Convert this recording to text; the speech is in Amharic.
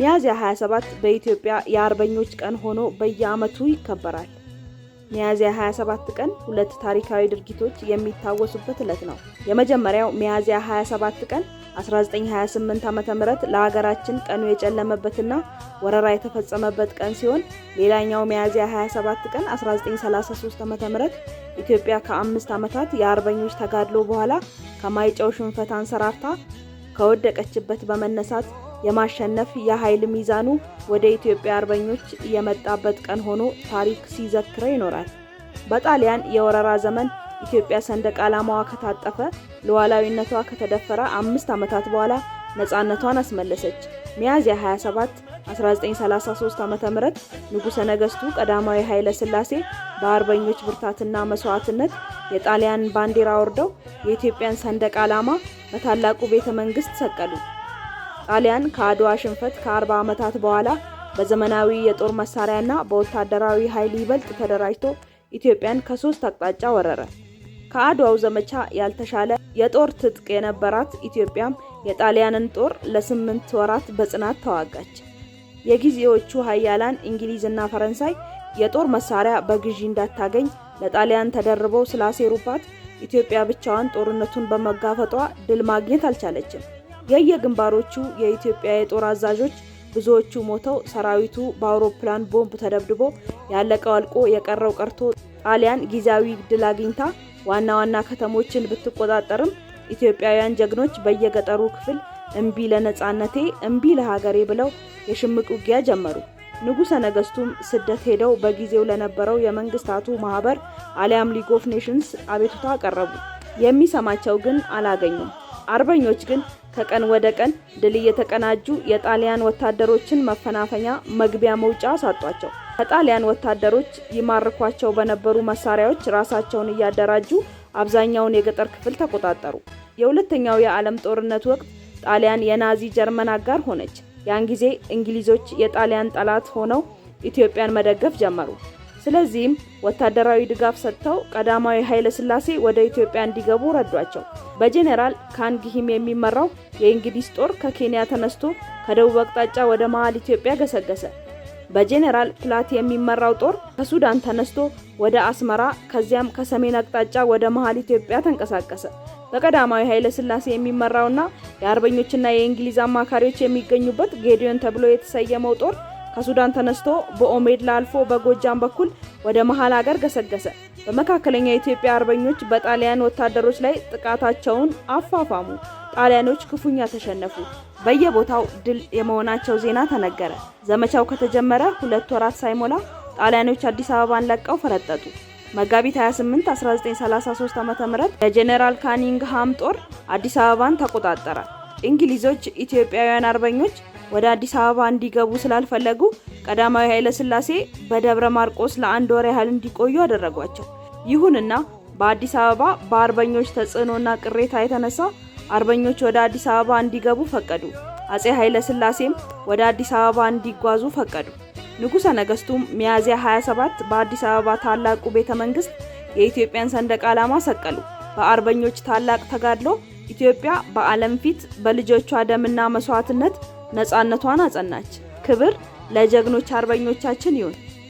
ሚያዝያ 27 በኢትዮጵያ የአርበኞች ቀን ሆኖ በየዓመቱ ይከበራል። ሚያዝያ 27 ቀን ሁለት ታሪካዊ ድርጊቶች የሚታወሱበት ዕለት ነው። የመጀመሪያው ሚያዝያ 27 ቀን 1928 ም ለሀገራችን ቀኑ የጨለመበትና ወረራ የተፈጸመበት ቀን ሲሆን ሌላኛው ሚያዝያ 27 ቀን 1933 ዓ.ም ኢትዮጵያ ከአምስት ዓመታት የአርበኞች ተጋድሎ በኋላ ከማይጨው ሽንፈት አንሰራርታ ከወደቀችበት በመነሳት የማሸነፍ የኃይል ሚዛኑ ወደ ኢትዮጵያ አርበኞች የመጣበት ቀን ሆኖ ታሪክ ሲዘክረው ይኖራል። በጣሊያን የወረራ ዘመን ኢትዮጵያ ሰንደቅ ዓላማዋ ከታጠፈ ሉዓላዊነቷ ከተደፈረ አምስት ዓመታት በኋላ ነፃነቷን አስመለሰች። ሚያዝያ 27 1933 ዓ.ም ንጉሠ ነገሥቱ ቀዳማዊ ኃይለ ሥላሴ በአርበኞች ብርታትና መስዋዕትነት የጣሊያን ባንዲራ ወርደው የኢትዮጵያን ሰንደቅ ዓላማ በታላቁ ቤተ መንግሥት ሰቀሉ። ጣሊያን ከአድዋ ሽንፈት ከ40 ዓመታት በኋላ በዘመናዊ የጦር መሳሪያና በወታደራዊ ኃይል ይበልጥ ተደራጅቶ ኢትዮጵያን ከሶስት አቅጣጫ ወረረ። ከአድዋው ዘመቻ ያልተሻለ የጦር ትጥቅ የነበራት ኢትዮጵያም የጣሊያንን ጦር ለስምንት ወራት በጽናት ተዋጋች። የጊዜዎቹ ሀያላን እንግሊዝና ፈረንሳይ የጦር መሳሪያ በግዢ እንዳታገኝ ለጣሊያን ተደርበው ስላሴሩባት ኢትዮጵያ ብቻዋን ጦርነቱን በመጋፈጧ ድል ማግኘት አልቻለችም። የየግንባሮቹ የኢትዮጵያ የጦር አዛዦች ብዙዎቹ ሞተው ሰራዊቱ በአውሮፕላን ቦምብ ተደብድቦ ያለቀው አልቆ የቀረው ቀርቶ ጣሊያን ጊዜያዊ ድል አግኝታ ዋና ዋና ከተሞችን ብትቆጣጠርም ኢትዮጵያውያን ጀግኖች በየገጠሩ ክፍል እምቢ ለነፃነቴ እምቢ ለሀገሬ ብለው የሽምቅ ውጊያ ጀመሩ። ንጉሠ ነገሥቱም ስደት ሄደው በጊዜው ለነበረው የመንግስታቱ ማህበር አሊያም ሊግ ኦፍ ኔሽንስ አቤቱታ አቀረቡ። የሚሰማቸው ግን አላገኙም። አርበኞች ግን ከቀን ወደ ቀን ድል እየተቀናጁ የጣሊያን ወታደሮችን መፈናፈኛ መግቢያ መውጫ ሳጧቸው። ከጣሊያን ወታደሮች ይማርኳቸው በነበሩ መሳሪያዎች ራሳቸውን እያደራጁ አብዛኛውን የገጠር ክፍል ተቆጣጠሩ። የሁለተኛው የዓለም ጦርነት ወቅት ጣሊያን የናዚ ጀርመን አጋር ሆነች። ያን ጊዜ እንግሊዞች የጣሊያን ጠላት ሆነው ኢትዮጵያን መደገፍ ጀመሩ። ስለዚህም ወታደራዊ ድጋፍ ሰጥተው ቀዳማዊ ኃይለ ሥላሴ ወደ ኢትዮጵያ እንዲገቡ ረዷቸው። በጄኔራል ካንግሂም የሚመራው የእንግሊዝ ጦር ከኬንያ ተነስቶ ከደቡብ አቅጣጫ ወደ መሀል ኢትዮጵያ ገሰገሰ። በጄኔራል ፕላት የሚመራው ጦር ከሱዳን ተነስቶ ወደ አስመራ ከዚያም ከሰሜን አቅጣጫ ወደ መሀል ኢትዮጵያ ተንቀሳቀሰ። በቀዳማዊ ኃይለ ሥላሴ የሚመራውና የአርበኞችና የእንግሊዝ አማካሪዎች የሚገኙበት ጌዲዮን ተብሎ የተሰየመው ጦር ከሱዳን ተነስቶ በኦሜድላ አልፎ በጎጃም በኩል ወደ መሀል አገር ገሰገሰ። በመካከለኛ የኢትዮጵያ አርበኞች በጣሊያን ወታደሮች ላይ ጥቃታቸውን አፋፋሙ። ጣሊያኖች ክፉኛ ተሸነፉ። በየቦታው ድል የመሆናቸው ዜና ተነገረ። ዘመቻው ከተጀመረ ሁለት ወራት ሳይሞላ ጣሊያኖች አዲስ አበባን ለቀው ፈረጠጡ። መጋቢት 28 1933 ዓ.ም የጄኔራል ካኒንግሃም ጦር አዲስ አበባን ተቆጣጠረ። እንግሊዞች ኢትዮጵያውያን አርበኞች ወደ አዲስ አበባ እንዲገቡ ስላልፈለጉ ቀዳማዊ ኃይለ ሥላሴ በደብረ ማርቆስ ለአንድ ወር ያህል እንዲቆዩ አደረጓቸው። ይሁንና በአዲስ አበባ በአርበኞች ተጽዕኖና ቅሬታ የተነሳ አርበኞች ወደ አዲስ አበባ እንዲገቡ ፈቀዱ። አጼ ኃይለ ሥላሴም ወደ አዲስ አበባ እንዲጓዙ ፈቀዱ። ንጉሠ ነገሥቱም ሚያዝያ 27 በአዲስ አበባ ታላቁ ቤተ መንግሥት የኢትዮጵያን ሰንደቅ ዓላማ ሰቀሉ። በአርበኞች ታላቅ ተጋድሎ ኢትዮጵያ በዓለም ፊት በልጆቿ ደምና መስዋዕትነት ነፃነቷን አጸናች። ክብር ለጀግኖች አርበኞቻችን ይሁን።